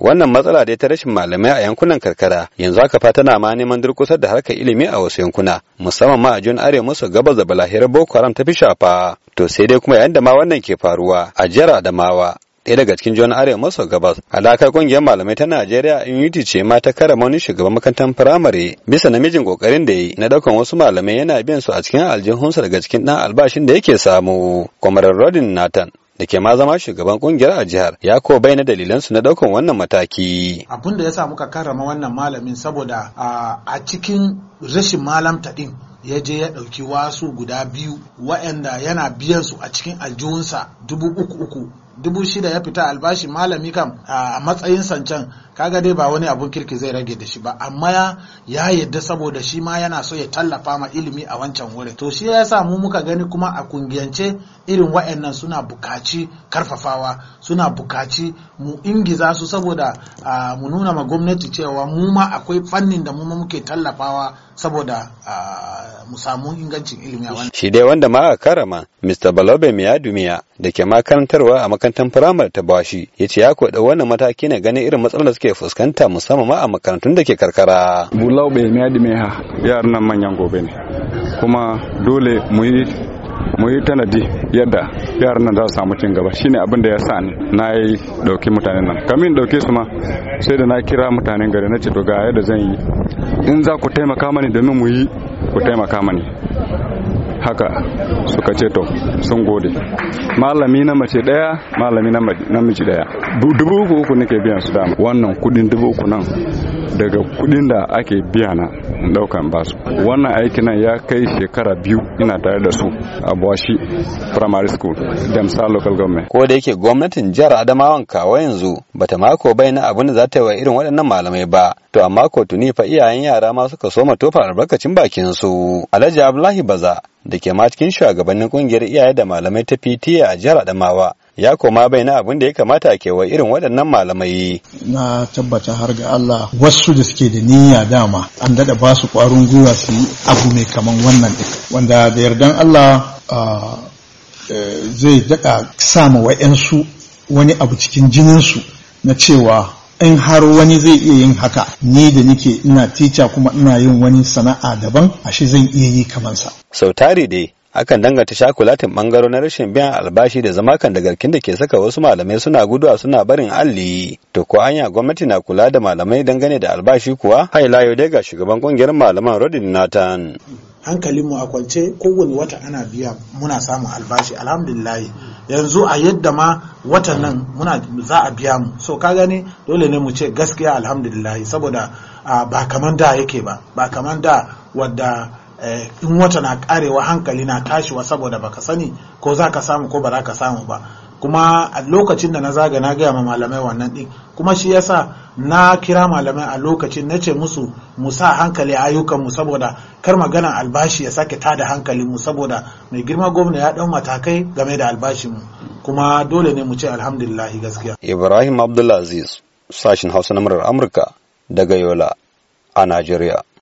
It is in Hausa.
wannan matsala dai ta rashin malamai a yankunan karkara yanzu haka fa tana ma neman durkusar da harkar ilimi a wasu yankuna musamman ma a jun arewa maso gabas da balahirar boko haram ta fi shafa to sai dai kuma yayin da ma wannan ke faruwa a jihar adamawa ɗaya daga cikin jihar arewa maso gabas alakar ƙungiyar malamai ta najeriya in yuti ce ma ta karama wani shugaban makarantar firamare bisa namijin kokarin da yi na ɗaukan wasu malamai yana bin su a cikin aljihunsa daga cikin ɗan albashin da yake samu kwamarar rodin nathan da ke ma zama shugaban kungiyar a jihar ya ko bayyana dalilan su na daukan wannan mataki abin da sa muka karrama wannan malamin saboda a cikin rashin malam taɗin, ya je ya ɗauki wasu guda biyu waɗanda yana biyan su a cikin aljihunsa dubu uku uku dubu shida ya fita albashi malami kam a matsayin sancan kaga dai ba wani abun kirki zai rage da shi ba amma ya yadda saboda shi ma yana so ya tallafa ma ilimi a wancan wurin to shi ya mu muka gani kuma a kungiyance irin wa'annan suna bukaci karfafawa suna bukaci mu ingiza su saboda mu nuna ma gwamnati cewa mu ma akwai fannin da mu muke tallafawa saboda mu samu ingancin ilimi a wannan. Shi dai wanda ma a karama Mr. Balobe Miyadumiya da ke makarantarwa a makarantar firamare ta Bashi ya ce ya koɗa wannan mataki ne ganin irin matsalar da suke fuskanta musamman ma a makarantun da ke karkara. Bulaube Miyadumiya yaran nan manyan gobe ne kuma dole mu yi mu yi tanadi yadda yaran nan za su samu cin gaba shine abin da ya sa ni na yi dauki mutanen nan kamin dauke su ma sai da na kira mutanen gari na ce to ga yadda zan yi in za ku taimaka mani domin mu yi ku taimaka mani haka suka ce to sun gode malami na mace daya malami na namiji daya dubu uku uku nake biyan su dama wannan kudin dubu uku nan daga kudin da ake biya na daukan basu wannan aiki nan ya kai shekara biyu ina tare da su a Boshi Primary School Damsa Local Government ko da yake gwamnatin jihar Adamawan kawo yanzu bata mako bai na abin da za ta yi wa irin waɗannan malamai ba to amma ko tuni fa iyayen yara ma suka soma tofa albarkacin bakin su Alhaji Abdullahi Baza da ke ma cikin shugabannin kungiyar iyaye da malamai ta PTA a jihar Adamawa ya koma bai na abin da ya kamata a wa irin waɗannan malamai. Na tabbata har ga Allah wasu da suke da niyya dama an daɗa ba su ƙwarin gwiwa su yi abu mai kaman wannan ɗin. Wanda da yardan Allah e, zai daɗa sama wa'yansu wani abu cikin jininsu na cewa in har wani zai iya yin haka ni da nike ina tica kuma ina yin wani sana'a daban ashe zan iya yi kamansa. Sau dai akan danganta shakulatin bangaro na rashin biyan albashi da zama kan dagarkin da ke saka wasu malamai suna guduwa suna barin alli to ko hanya gwamnati na kula da malamai dangane da albashi kuwa Hai yau dai ga shugaban kungiyar malaman rodin nathan hankalinmu a kwance kowane wata ana biya muna samun albashi alhamdulillah yanzu a yadda ma watan nan muna za a biya mu so ka gani dole ne mu ce gaskiya alhamdulillah saboda ah, ba kaman da yake ba ba kaman da wadda Eh, in wata na karewa hankali na tashiwa saboda baka sani ko za ka samu ko ba za ka samu ba kuma a lokacin da na zaga na gaya ma malamai wannan din kuma shi yasa na kira malamai a lokacin na ce musu mu sa hankali a mu saboda kar maganar albashi ya sake tada hankali mu saboda mai girma gwamna ya dan matakai game da albashin mu kuma dole ne mu ce alhamdulillah gaskiya ibrahim abdulaziz sashin hausa na murar amurka daga yola a najeriya